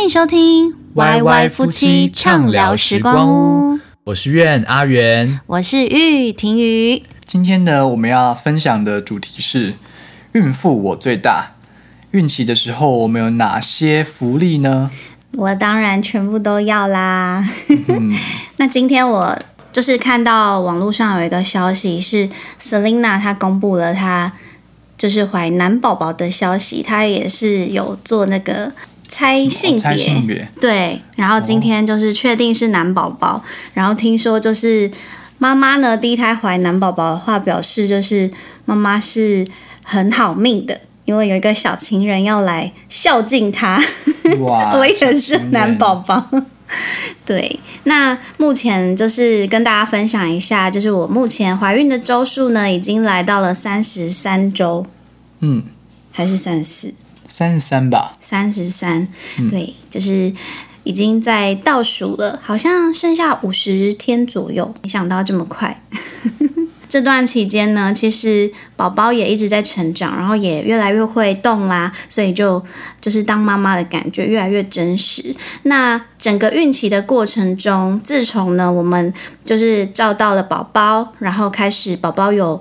歡迎收聽《Y Y 夫妻暢聊時光屋》，我是苑阿圓，我是玉婷。今天呢，我們要分享的主題是：孕婦我最大，孕期的時候我們有哪些福利呢？我當然全部都要啦。 那今天我就是看到網絡上有一個消息，是 Selina 她公布了她就是懷男寶寶的消息，她也是有做那個。猜性別，猜性別？對。然後今天就是確定是男寶寶。哦，然後聽說就是媽媽呢，第一胎懷男寶寶的話，表示就是媽媽是很好命的，因為有一個小情人要來孝敬她。哇， 我也是男寶寶。對，那目前就是跟大家分享一下，就是我目前懷孕的周數呢，已經來到了三十三周。嗯，還是三十四。三十三吧，三十三，對，就是已經在倒數了，好像剩下五十天左右。沒想到這麼快， 這段期間呢，其實寶寶也一直在成長，然後也越來越會動啦，啊，所以就就是當媽媽的感覺越來越真實。那整個孕期的過程中，自從呢我們就是照到了寶寶，然後開始寶寶有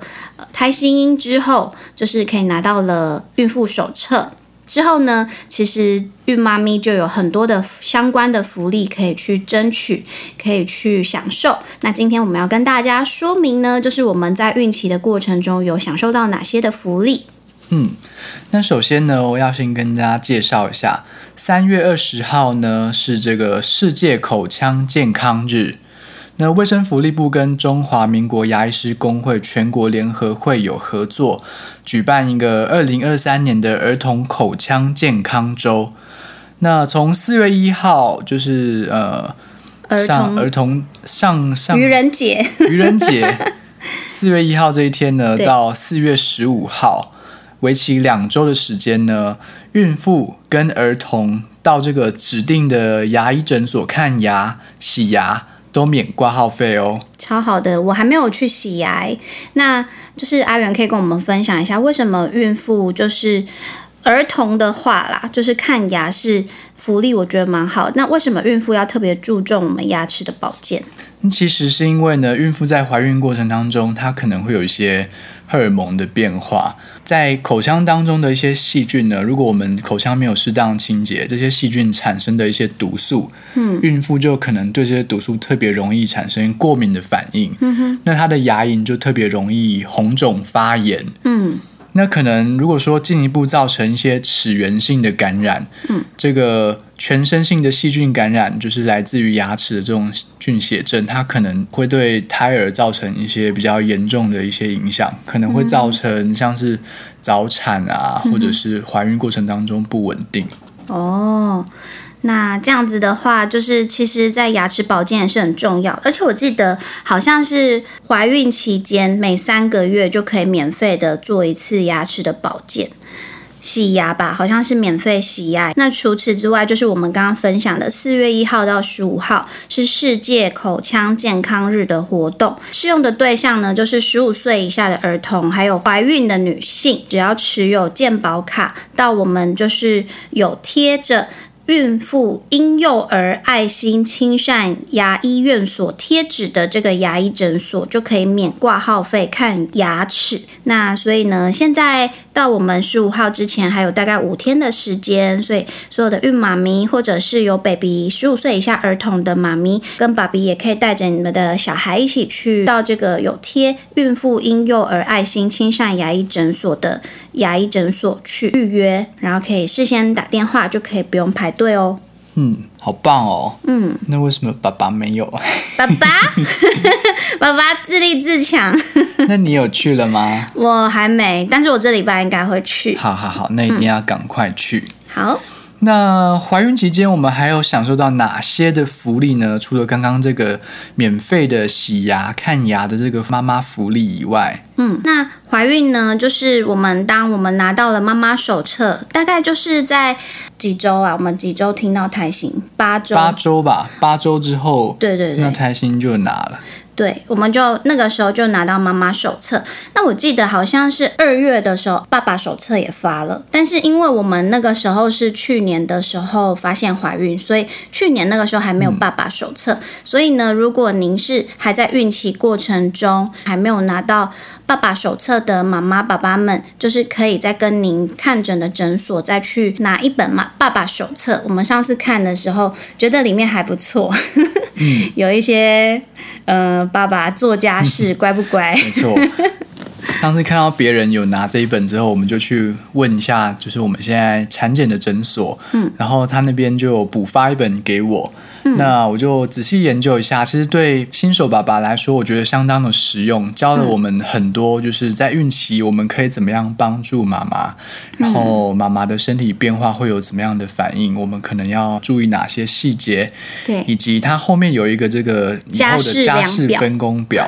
胎心音之後，就是可以拿到了孕婦手冊。之後呢，其實孕媽咪就有很多的相關的福利可以去爭取，可以去享受。那今天我們要跟大家說明呢，就是我們在孕期的過程中有享受到哪些的福利。嗯，那首先呢，我要先跟大家介紹一下，三月二十號呢，是這個世界口腔健康日。那衛生福利部跟中華民國牙醫師公會全國聯合會有合作，舉辦一個二零二三年的兒童口腔健康週。那從四月一號就是呃，上兒童兒童上兒童上，上愚人節愚人節四月一號這一天呢， 到四月十五號對為期兩週的時間呢，孕婦跟兒童到這個指定的牙醫診所看牙、洗牙。都免掛號費哦，超好的！我還沒有去洗牙，那就是阿原可以跟我們分享一下，為什麼孕婦就是兒童的話啦，就是看牙是福利，我覺得蠻好。那為什麼孕婦要特別注重我們牙齒的保健？其實是因為呢，孕婦在懷孕過程當中，她可能會有一些荷爾蒙的變化，在口腔當中的一些細菌呢，如果我們口腔沒有適當清潔，這些細菌產生的一些毒素，嗯，孕婦就可能對這些毒素特別容易產生過敏的反應，嗯哼，那她的牙齦就特別容易紅腫發炎，嗯。那可能，如果說進一步造成一些齒源性的感染，嗯，這個全身性的細菌感染，就是來自於牙齒的這種菌血症，它可能會對胎兒造成一些比較嚴重的一些影響，可能會造成像是早產啊，嗯，或者是懷孕過程當中不穩定。哦。那這樣子的話，就是其實在牙齒保健也是很重要的。而且我記得好像是懷孕期間每三個月就可以免費的做一次牙齒的保健，洗牙吧，好像是免費洗牙。那除此之外，就是我們剛剛分享的四月一號到十五號是世界口腔健康日的活動，適用的對象呢，就是十五歲以下的兒童，還有懷孕的女性，只要持有健保卡到我們就是有貼着。孕婦嬰幼兒愛心親善牙醫院所貼紙的這個牙醫診所就可以免掛號費看牙齒。那所以呢，現在到我們十五號之前還有大概五天的時間，所以所有的孕媽咪或者是有 baby 十五歲以下兒童的媽咪跟爸比，也可以帶着你們的小孩一起去到這個有貼孕婦嬰幼兒愛心親善牙醫診所的牙醫診所去預約，然後可以事先打電話就可以不用排。對哦，嗯，好棒哦，嗯，那為什麼爸爸沒有？爸爸， 爸爸自立自強。那你有去了嗎？我還沒，但是我這禮拜應該會去。好好好，那一定要趕快去。嗯、好。那懷孕期間我們還有享受到哪些的福利呢？除了剛剛這個免費的洗牙、看牙的這個媽媽福利以外，嗯，那懷孕呢，就是我們當我們拿到了媽媽手冊，大概就是在幾周啊？我們幾周聽到胎心？八周？八周吧？八周之後，對對對，那胎心就拿了。對，我們就那個時候就拿到媽媽手冊。那我記得好像是二月的時候，爸爸手冊也發了。但是因為我們那個時候是去年的時候發現懷孕，所以去年那個時候還沒有爸爸手冊。嗯、所以呢，如果您是還在孕期過程中，還沒有拿到。爸爸手冊的媽媽、爸爸們，就是可以在跟您看診的診所再去拿一本嘛，《爸爸手冊》。我們上次看的時候，覺得裡面還不錯，嗯、 有一些，嗯、呃，爸爸做家事、嗯、乖不乖？沒錯。 上次看到別人有拿這一本之後，我們就去問一下，就是我們現在產檢的診所，嗯，然後他那邊就補發一本給我，嗯、那我就仔細研究一下。其實對新手爸爸來說，我覺得相當的實用，教了我們很多，就是在孕期我們可以怎麼樣幫助媽媽，然後媽媽的身體變化會有怎麼樣的反應，我們可能要注意哪些細節，嗯、以及它後面有一個這個以後的家事分工表，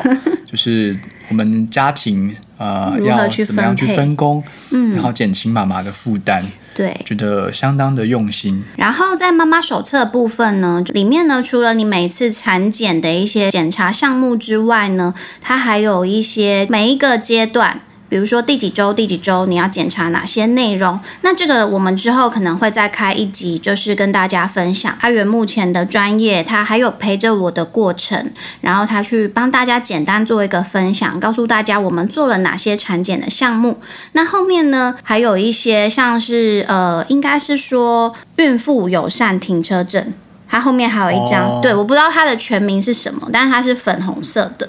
就是。 我們家庭呃，要怎麼樣去分工，嗯，然後減輕媽媽的負擔，對，覺得相當的用心。然後在媽媽手冊部分呢，裡面呢，除了你每次產檢的一些檢查項目之外呢，它還有一些每一個階段。比如說第幾周、第幾周你要檢查哪些內容？那這個我們之後可能會再開一集，就是跟大家分享阿原目前的專業，他還有陪着我的過程，然後他去幫大家簡單做一個分享，告訴大家我們做了哪些產檢的項目。那後面呢，還有一些像是呃，應該是說孕婦友善停車證，它後面還有一張，哦、對，我不知道它的全名是什麼，但是它是粉紅色的。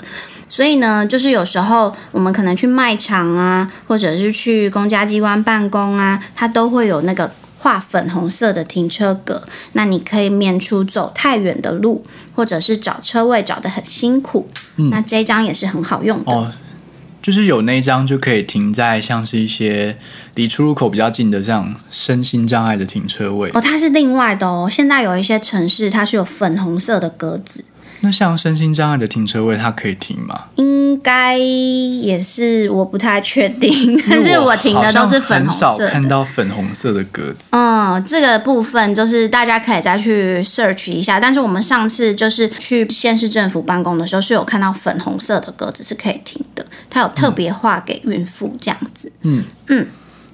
所以呢，就是有時候我們可能去賣場啊，或者是去公家機關辦公啊，它都會有那個畫粉紅色的停車格。那你可以免除走太遠的路，或者是找車位找得很辛苦。嗯，那這一張也是很好用的，哦，就是有那一張就可以停在像是一些離出入口比較近的這樣身心障礙的停車位。哦，它是另外的哦。現在有一些城市它是有粉紅色的格子。那像身心障礙的停車位，它可以停嗎？應該也是，我不太確定。但是我停的都是粉紅色的。很少看到粉紅色的格子。嗯，這個部分就是大家可以再去 search 一下。但是我們上次就是去縣市政府辦公的時候，是有看到粉紅色的格子是可以停的。它有特別畫給孕婦這樣子。嗯嗯，嗯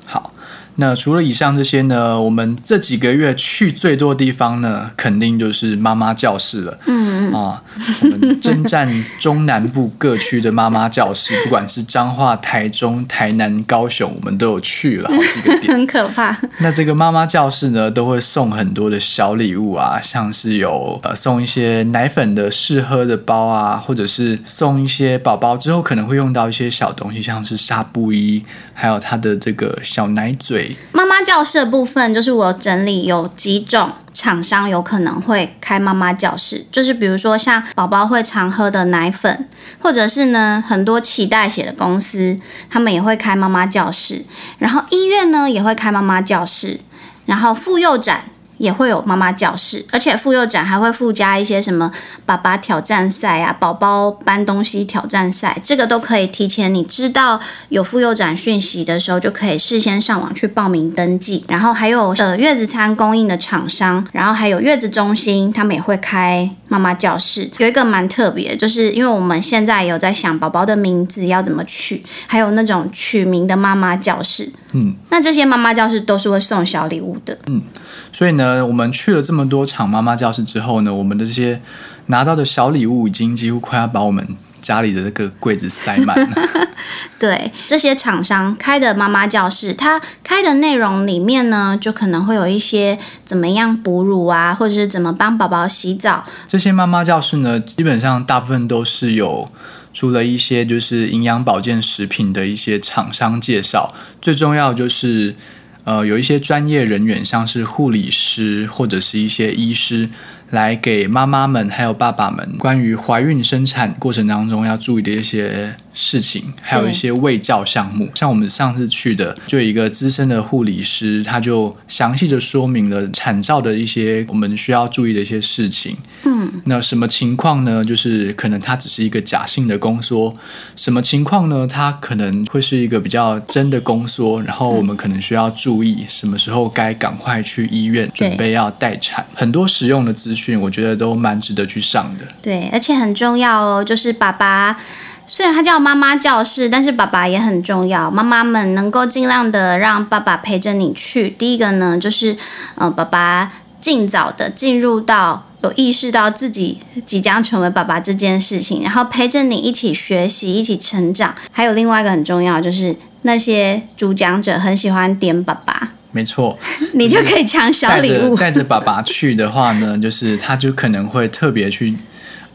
好。那除了以上這些呢，我們這幾個月去最多的地方呢，肯定就是媽媽教室了。嗯啊、嗯，我們征戰中南部各區的媽媽教室，不管是彰化、台中、台南、高雄，我們都有去了好幾個點。嗯、很可怕。那這個媽媽教室呢，都會送很多的小禮物啊，像是有呃送一些奶粉的試喝的包啊，或者是送一些寶寶之後可能會用到一些小東西，像是紗布衣，還有它的這個小奶嘴。媽媽教室的部分，就是我整理有幾種廠商有可能會開媽媽教室，就是比如說像寶寶會常喝的奶粉，或者是呢，很多臍帶血的公司，他們也會開媽媽教室。然後醫院呢也會開媽媽教室，然後婦幼展。也會有媽媽教室，而且婦幼展還會附加一些什麼爸爸挑戰賽啊，寶寶搬東西挑戰賽，這個都可以提前。你知道有婦幼展訊息的時候，就可以事先上網去報名登記。然後還有呃月子餐供應的廠商，然後還有月子中心，他們也會開媽媽教室。有一個蠻特別的，就是因為我們現在有在想寶寶的名字要怎麼取，還有那種取名的媽媽教室。嗯，那這些媽媽教室都是會送小禮物的。嗯，所以呢，我們去了這麼多場媽媽教室之後呢，我們的這些拿到的小禮物已經幾乎快要把我們家裡的這個櫃子塞滿了。 對，這些廠商開的媽媽教室，它開的內容裡面呢，就可能會有一些怎麼樣哺乳啊，或者是怎麼幫寶寶洗澡。這些媽媽教室呢，基本上大部分都是有。除了一些就是營養保健食品的一些廠商介紹，最重要就是，呃，有一些專業人員，像是護理師或者是一些醫師，來給媽媽們還有爸爸們關於懷孕生產過程當中要注意的一些事情還有一些衛教項目，嗯、像我們上次去的，就一個資深的護理師，他就詳細的說明了產兆的一些我們需要注意的一些事情。嗯，那什麼情況呢？就是可能它只是一個假性的宮縮，什麼情況呢？它可能會是一個比較真的宮縮，然後我們可能需要注意什麼時候該趕快去醫院、嗯、準備要待產。對很多實用的資訊，我覺得都蠻值得去上的。對，而且很重要哦，就是爸爸。雖然他叫媽媽教室，但是爸爸也很重要。媽媽們能夠盡量的讓爸爸陪着你去。第一個呢，就是嗯、呃，爸爸盡早的進入到有意識到自己即將成為爸爸這件事情，然後陪着你一起學習、一起成長。還有另外一個很重要，就是那些主講者很喜歡點爸爸，沒錯， 你就可以搶小禮物。帶著，帶著爸爸去的話呢，就是他就可能會特別去。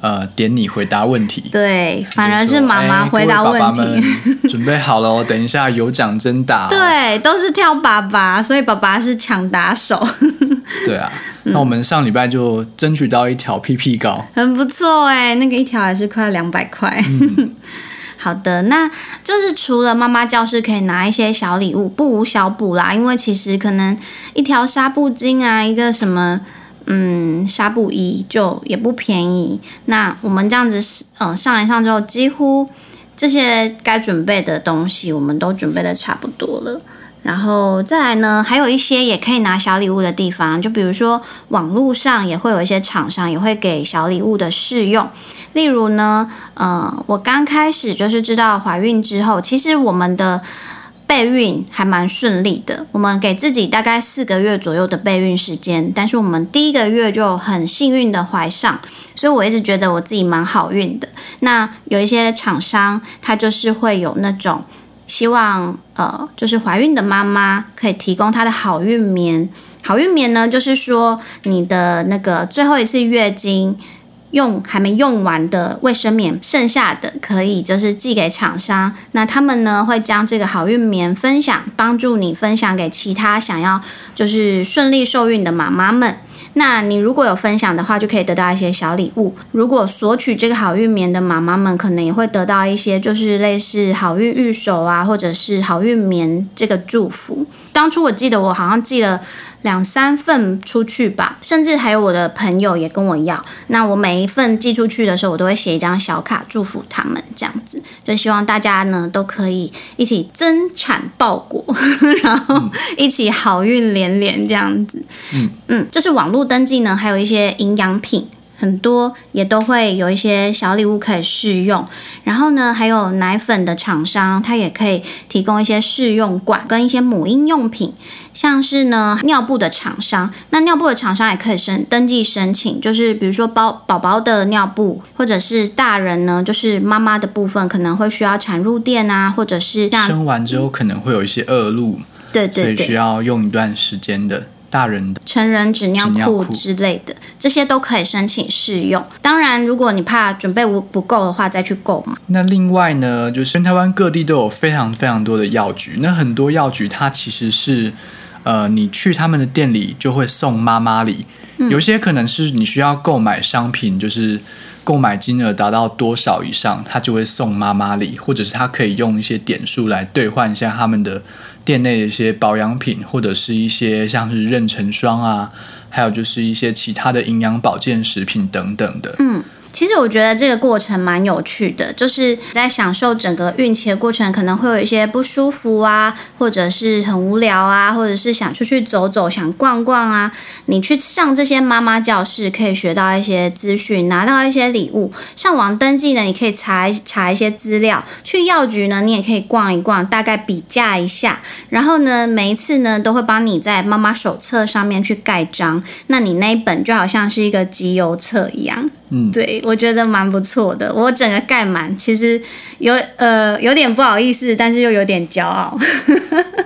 呃，點你回答問題。對，反而是媽媽回答問題。準備好了，等一下有獎徵答。對，都是挑爸爸，所以爸爸是搶答手。 對啊，那我們上禮拜就爭取到一條 PP 膏，很不錯哎、欸，那個一條也是快兩百塊。 好的，那就是除了媽媽教室可以拿一些小禮物，不無小補啦，因為其實可能一條紗布巾啊，一個什麼。嗯，紗布衣就也不便宜。那我們這樣子，嗯、呃，上一上之後，幾乎這些該準備的東西，我們都準備的差不多了。然後再來呢，還有一些也可以拿小禮物的地方，就比如說網絡上也會有一些廠商也會給小禮物的試用，例如呢，嗯、呃，我剛開始就是知道懷孕之後，其實我們的。備孕還蠻順利的，我們給自己大概四個月左右的備孕時間，但是我們第一個月就很幸運的懷上，所以我一直覺得我自己蠻好運的。那有一些廠商，他就是會有那種希望，呃，就是懷孕的媽媽可以提供她的好孕棉。好孕棉呢，就是說你的那個最後一次月經。用還沒用完的衛生棉，剩下的可以就是寄給廠商，那他們呢，會將這個好運棉分享，幫助你分享給其他想要就是順利受孕的媽媽們。那你如果有分享的話，就可以得到一些小禮物。如果索取這個好運棉的媽媽們，可能也會得到一些就是類似好運御守啊，或者是好運棉這個祝福。當初我記得，我好像寄了。兩三份出去吧，甚至還有我的朋友也跟我要。那我每一份寄出去的時候，我都會寫一張小卡祝福他們，這樣子就希望大家呢都可以一起增產報國，然後一起好運連連，這樣子。嗯，這、嗯就是網路登記呢，還有一些營養品。很多也都會有一些小禮物可以試用，然後呢，還有奶粉的廠商，它也可以提供一些試用罐跟一些母嬰用品，像是呢，尿布的廠商，那尿布的廠商也可以申登記申請，就是比如說寶寶寶的尿布，或者是大人呢，就是媽媽的部分可能會需要產褥墊啊，或者是生完之後可能會有一些惡露，嗯、對對對，所以需要用一段時間的。大人的成人紙尿褲之類的，這些都可以申請試用。當然，如果你怕準備不不夠的話，再去購買。那另外呢，就是台灣各地都有非常非常多的藥局，那很多藥局它其實是，呃，你去他們的店裡就會送媽媽禮。嗯、有些可能是你需要購買商品，就是購買金額達到多少以上，他就會送媽媽禮，或者是他可以用一些點數來兌換一下他們的。店內的一些保養品，或者是一些像是妊娠霜啊，還有就是一些其他的營養保健食品等等的。嗯。其實我覺得這個過程蠻有趣的，就是在享受整個孕期的過程，可能會有一些不舒服啊，或者是很無聊啊，或者是想出去走走、想逛逛啊。你去上這些媽媽教室，可以學到一些資訊，拿到一些禮物。上網登記呢，你可以查一查一些資料；去藥局呢，你也可以逛一逛，大概比價一下。然後呢，每一次呢，都會幫你在媽媽手冊上面去蓋章，那你那一本就好像是一個集郵冊一樣。嗯、對，我覺得蠻不錯的。我整個蓋滿，其實有呃有點不好意思，但是又有點驕傲。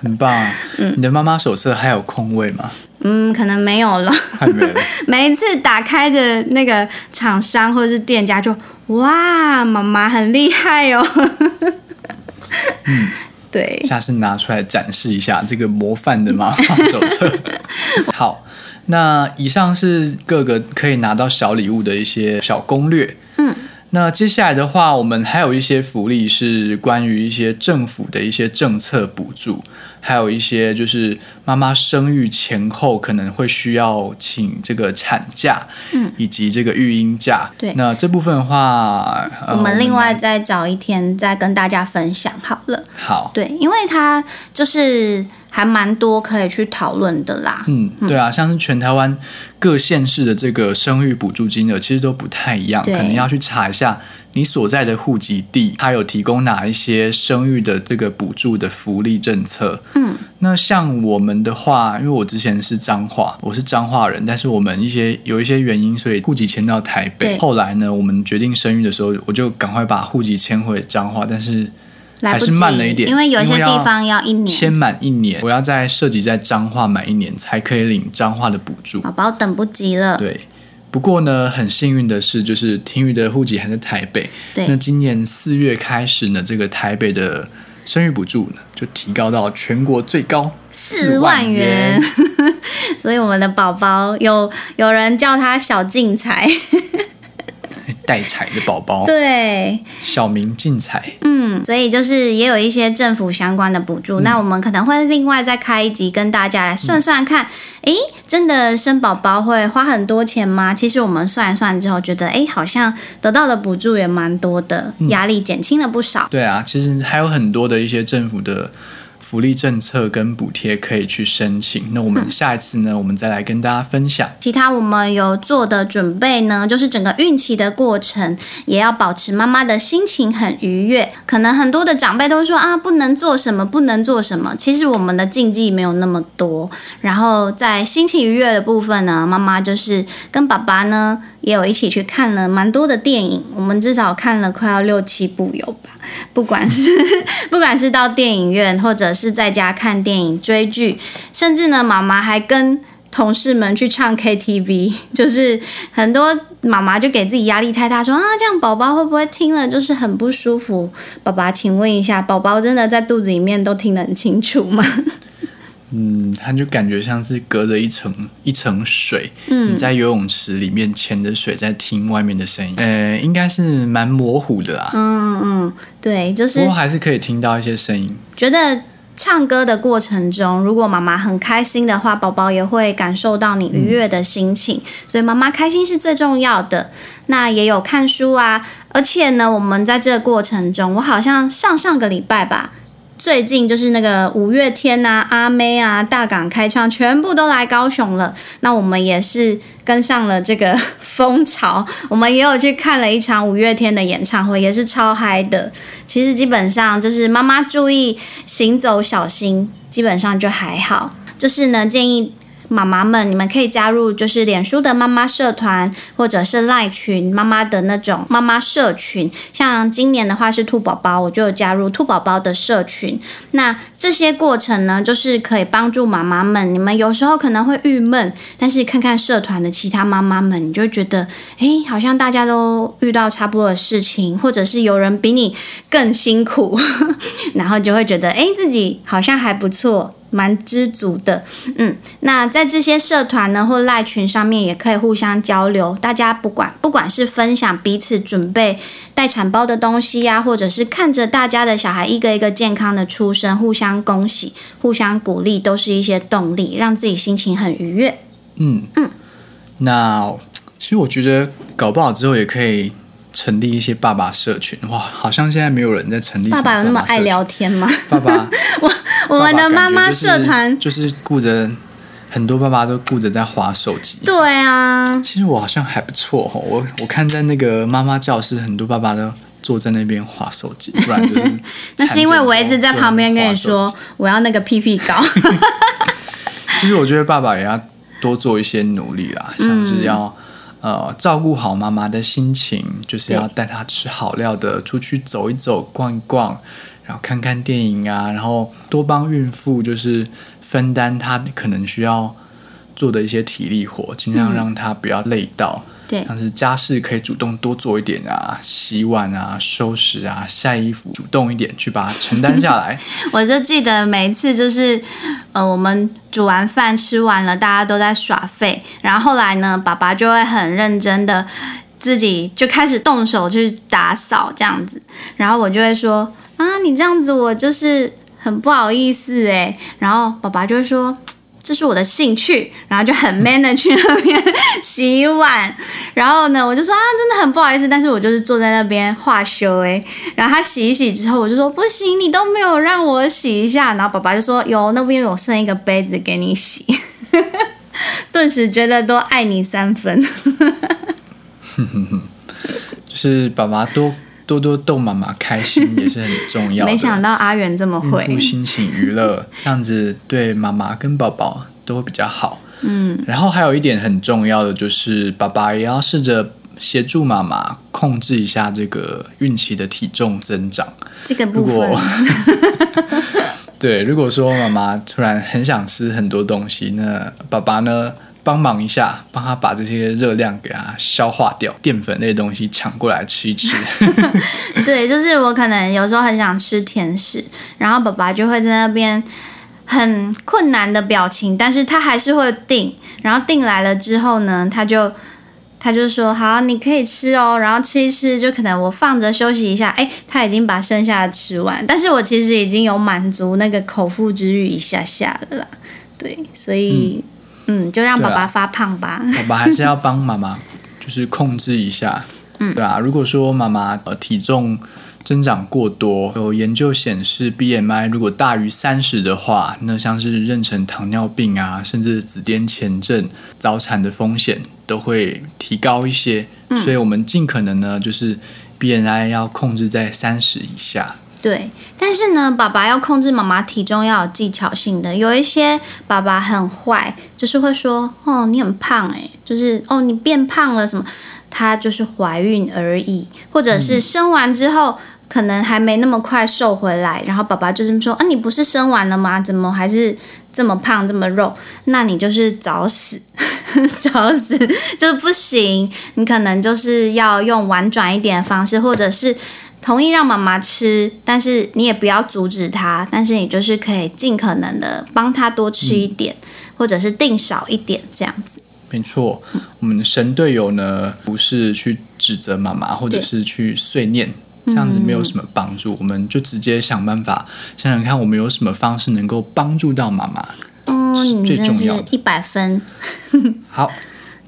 很棒，啊。嗯，你的媽媽手冊還有空位嗎？嗯，可能沒有了，還沒有。 每一次打開的那個廠商或者是店家就哇，媽媽很厲害哦。 嗯，對，下次拿出來展示一下這個模範的媽媽手冊。嗯、 好。那以上是各個可以拿到小禮物的一些小攻略。嗯，那接下來的話，我們還有一些福利是關於一些政府的一些政策補助，還有一些就是媽媽生育前後可能會需要請這個產假，嗯，以及這個育嬰假。對、嗯，那這部分的話，對呃、我們另外再找一天再跟大家分享好了。好，對，因為它就是。還蠻多可以去討論的啦。嗯，對啊，像是全台灣各縣市的這個生育補助金額其實都不太一樣，對可能要去查一下你所在的戶籍地，它有提供哪一些生育的這個補助的福利政策。嗯，那像我們的話，因為我之前是彰化，我是彰化人，但是我們一些有一些原因，所以戶籍遷到台北。對後來呢，我們決定生育的時候，我就趕快把戶籍遷回彰化，但是。還是慢了一點，因為有些地方要一年要簽滿一年，我要在設籍在彰化滿一年才可以領彰化的補助。寶寶等不及了。對，不過呢，很幸運的是，就是庭宇的戶籍還在台北。對那今年四月開始呢，這個台北的生育補助呢，就提高到全國最高萬四萬元。 所以我們的寶寶有有人叫他小進財。 帶彩的寶寶， 對，小名競彩，嗯，所以就是也有一些政府相關的補助。嗯、那我們可能會另外再開一集跟大家來算算看，哎、嗯欸，真的生寶寶會花很多錢嗎？其實我們算一算之後，覺得哎、欸，好像得到的補助也蠻多的，壓力減輕了不少、嗯。對啊，其實還有很多的一些政府的。福利政策跟補貼可以去申請。那我們下一次呢，我們再來跟大家分享。其他我們有做的準備呢，就是整個孕期的過程也要保持媽媽的心情很愉悅。可能很多的長輩都說啊，不能做什麼，不能做什麼。其實我們的禁忌沒有那麼多。然後在心情愉悅的部分呢，媽媽就是跟爸爸呢也有一起去看了蠻多的電影，我們至少看了快要六七部有吧。不管是 不管是到電影院或者是。是在家看電影、追劇，甚至呢，媽媽還跟同事們去唱 KTV。就是很多媽媽就給自己壓力太大，說啊，這樣寶寶會不會聽了就是很不舒服？爸爸，請問一下，寶寶真的在肚子裡面都聽得很清楚嗎？嗯，他就感覺像是隔着一層一層水，你在游泳池裡面潛着水在聽外面的聲音，呃、嗯，應該是蠻模糊的啦。嗯嗯嗯，對，就是我還是可以聽到一些聲音，覺得。唱歌的過程中，如果媽媽很開心的話，寶寶也會感受到你愉悅的心情。嗯、所以媽媽開心是最重要的。那也有看書啊，而且呢，我們在這個過程中，我好像上上個禮拜吧。最近就是那個五月天啊、阿妹啊、大港開唱，全部都來高雄了。那我們也是跟上了這個風潮，我們也有去看了一場五月天的演唱會，也是超嗨的。其實基本上就是媽媽注意行走小心，基本上就還好。就是呢，建議。媽媽們，你們可以加入就是臉書的媽媽社團，或者是賴群媽媽的那種媽媽社群。像今年的話是兔寶寶，我就加入兔寶寶的社群。那這些過程呢，就是可以幫助媽媽們，你們有時候可能會鬱悶，但是看看社團的其他媽媽們，你就會覺得，誒，好像大家都遇到差不多的事情，或者是有人比你更辛苦， 然後就會覺得，誒，自己好像還不錯。蠻知足的，嗯，那在這些社團呢，或賴群上面也可以互相交流，大家不管，不管是分享彼此準備待產包的東西呀，啊，或者是看着大家的小孩一個一個健康的出生，互相恭喜、互相鼓勵，都是一些動力，讓自己心情很愉悅。嗯嗯，嗯，那其實我覺得搞不好之後也可以。成立一些爸爸社群哇，好像現在沒有人在成立爸爸,爸爸有那麼愛聊天嗎？爸爸， 我我們的媽媽社團爸爸、就是、就是顧着很多爸爸都顧着在滑手機。對啊，其實我好像還不錯我我看在那個媽媽教室，很多爸爸都坐在那邊滑手機，不然就是。 那是因為我一直在旁邊跟你說，我要那個屁屁膏。其實我覺得爸爸也要多做一些努力啦，嗯、像是要。呃，照顧好媽媽的心情，就是要帶她吃好料的，出去走一走，逛一逛，然後看看電影啊，然後多幫孕婦就是分擔她可能需要做的一些體力活，儘量讓她不要累到。嗯對但是家事可以主動多做一點啊，洗碗啊、收拾啊、曬衣服，主動一點去把它承擔下來。 我就記得每一次就是，呃，我們煮完飯吃完了，大家都在耍廢，然後後來呢，爸爸就會很認真的自己就開始動手去打掃這樣子，然後我就會說啊，你這樣子我就是很不好意思哎，然後爸爸就說。這是我的興趣，然後就很 man 的去那邊洗碗，嗯、然後呢，我就說啊，真的很不好意思，但是我就是坐在那邊化修誒，然後他洗一洗之後，我就說不行，你都沒有讓我洗一下，然後爸爸就說有，那邊有剩一個杯子給你洗， 頓時覺得多愛你三分，哈哈哈哈就是爸媽都。多多逗媽媽開心也是很重要。 沒想到阿原這麼會。用心情娛樂這樣子對媽媽跟寶寶都會比較好。嗯，然後還有一點很重要的就是，爸爸也要試着協助媽媽控制一下這個孕期的體重增長。這個部分。如果 對，如果說媽媽突然很想吃很多東西，那爸爸呢？幫忙一下，幫他把這些熱量給它消化掉，澱粉類的東西搶過來吃一吃。 對，就是我可能有時候很想吃甜食，然後爸爸就會在那邊很困難的表情，但是他還是會定，然後定來了之後呢，他就他就說好，你可以吃哦，然後吃一吃，就可能我放着休息一下，哎、欸，他已經把剩下的吃完，但是我其實已經有滿足那個口腹之欲一下下了啦，對，所以。嗯嗯，就讓爸爸發胖吧。啊、爸爸還是要幫媽媽，就是控制一下。 嗯，對啊。如果說媽媽呃體重增長過多，有研究顯示 BMI 如果大於三十的話，那像是妊娠糖尿病啊，甚至子癇前症、早產的風險都會提高一些。嗯、所以我們儘可能呢，就是 BMI 要控制在三十以下。對，但是呢，爸爸要控制媽媽體重要有技巧性的。有一些爸爸很壞，就是會說：“哦，你很胖哎、欸，就是哦，你變胖了什麼？”她就是懷孕而已，或者是生完之後可能還沒那麼快瘦回來，然後爸爸就這麼說：“啊，你不是生完了嗎？怎麼還是這麼胖這麼肉？那你就是早死，呵呵早死就是不行。你可能就是要用婉轉一點的方式，或者是。”同意讓媽媽吃，但是你也不要阻止她，但是你就是可以盡可能的幫她多吃一點，嗯、或者是定少一點這樣子。沒錯錯，嗯、我們神隊友呢，不是去指責媽媽，或者是去碎念，對這樣子沒有什麼幫助。嗯、我們就直接想辦法想想看我們有什麼方式能夠幫助到媽媽。嗯，最重要，一百分。 好。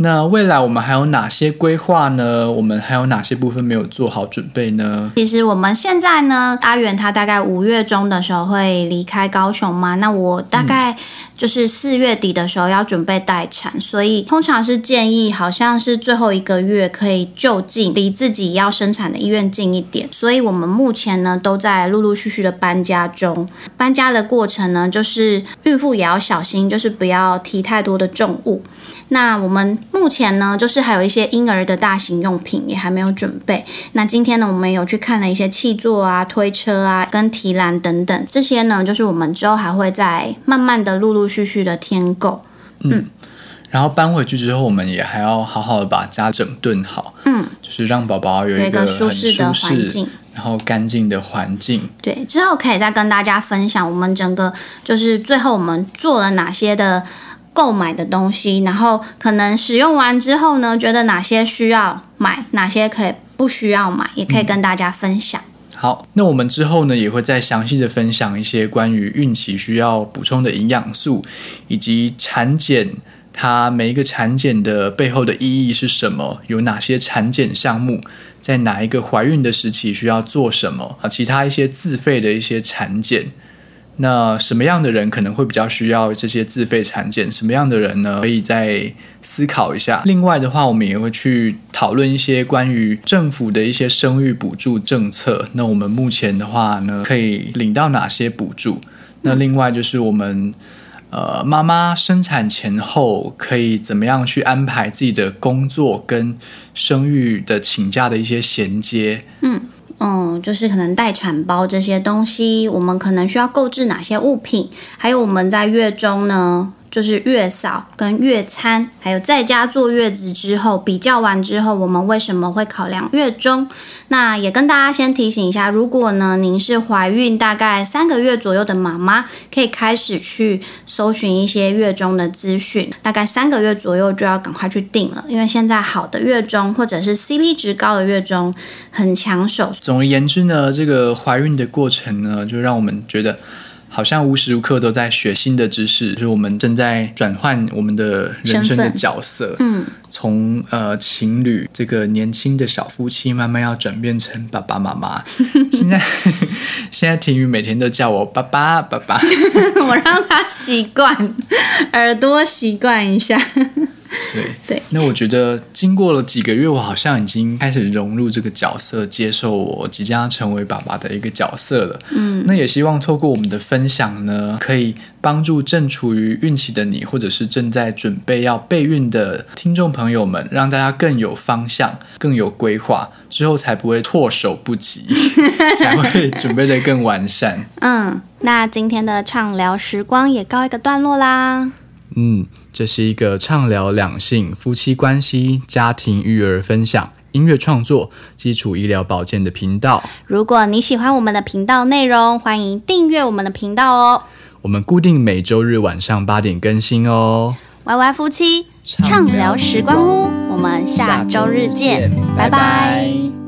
那未來我們還有哪些規劃呢？我們還有哪些部分沒有做好準備呢？其實我們現在呢，阿原他大概五月中的時候會離開高雄嘛。那我大概就是四月底的時候要準備待產，嗯，所以通常是建議好像是最後一個月可以就近離自己要生產的醫院近一點。所以我們目前呢都在陸陸續續的搬家中。搬家的過程呢，就是孕婦也要小心，就是不要提太多的重物。那我們目前呢，就是還有一些嬰兒的大型用品也還沒有準備。那今天呢，我們有去看了一些汽座啊、推車啊、跟提籃等等，這些呢，就是我們之後還會再慢慢的、陸陸續續的添購。嗯。嗯，然後搬回去之後，我們也還要好好的把家整頓好。嗯。就是讓寶寶有一個，舒適，一個舒適的環境，然後乾淨的環境。對，之後可以再跟大家分享我們整個，就是最後我們做了哪些的。購買的東西，然後可能使用完之後呢，覺得哪些需要買，哪些可以不需要買，也可以跟大家分享。嗯、好，那我們之後呢，也會再詳細的分享一些關於孕期需要補充的營養素，以及產檢，它每一個產檢的背後的意義是什麼，有哪些產檢項目，在哪一個懷孕的時期需要做什麼，啊，其他一些自費的一些產檢。那什麼樣的人可能會比較需要這些自費產檢？什麼樣的人呢？可以再思考一下。另外的話，我們也會去討論一些關於政府的一些生育補助政策。那我們目前的話呢，可以領到哪些補助？那另外就是我們，嗯、呃，媽媽生產前後可以怎麼樣去安排自己的工作跟生育的請假的一些銜接。嗯。嗯，就是可能待產包這些東西，我們可能需要購置哪些物品，還有我們在月中呢，就是月嫂跟月餐，還有在家坐月子之後比較完之後，我們為什麼會考量月中？那也跟大家先提醒一下，如果呢您是懷孕大概三個月左右的媽媽，可以開始去搜尋一些月中的資訊，大概三個月左右就要趕快去訂了，因為現在好的月中或者是 CP 值高的月中很搶手。總而言之呢，這個懷孕的過程呢，就讓我們覺得。好像無時無刻都在學新的知識，就是我們正在轉換我們的人生的角色，嗯，從呃情侶這個年輕的小夫妻，慢慢要轉變成爸爸媽媽。現在 現在婷雨每天都叫我爸爸爸爸， 我讓他習慣，耳朵習慣一下。對對，那我覺得經過了幾個月，我好像已經開始融入這個角色，接受我即將要成為爸爸的一個角色了。嗯，那也希望透過我們的分享呢，可以幫助正處於孕期的你，或者是正在準備要備孕的聽眾朋友們，讓大家更有方向，更有規劃，之後才不會措手不及， 才會準備的更完善。嗯，那今天的暢聊時光也告一個段落啦。嗯。這是一個暢聊兩性、夫妻關係、家庭育兒分享、音樂創作、基礎醫療保健的頻道。如果你喜歡我們的頻道內容，歡迎訂閱我們的頻道哦。我們固定每週日晚上八點更新哦。歪歪夫妻暢聊時光屋，我們下週日見，拜拜。拜拜。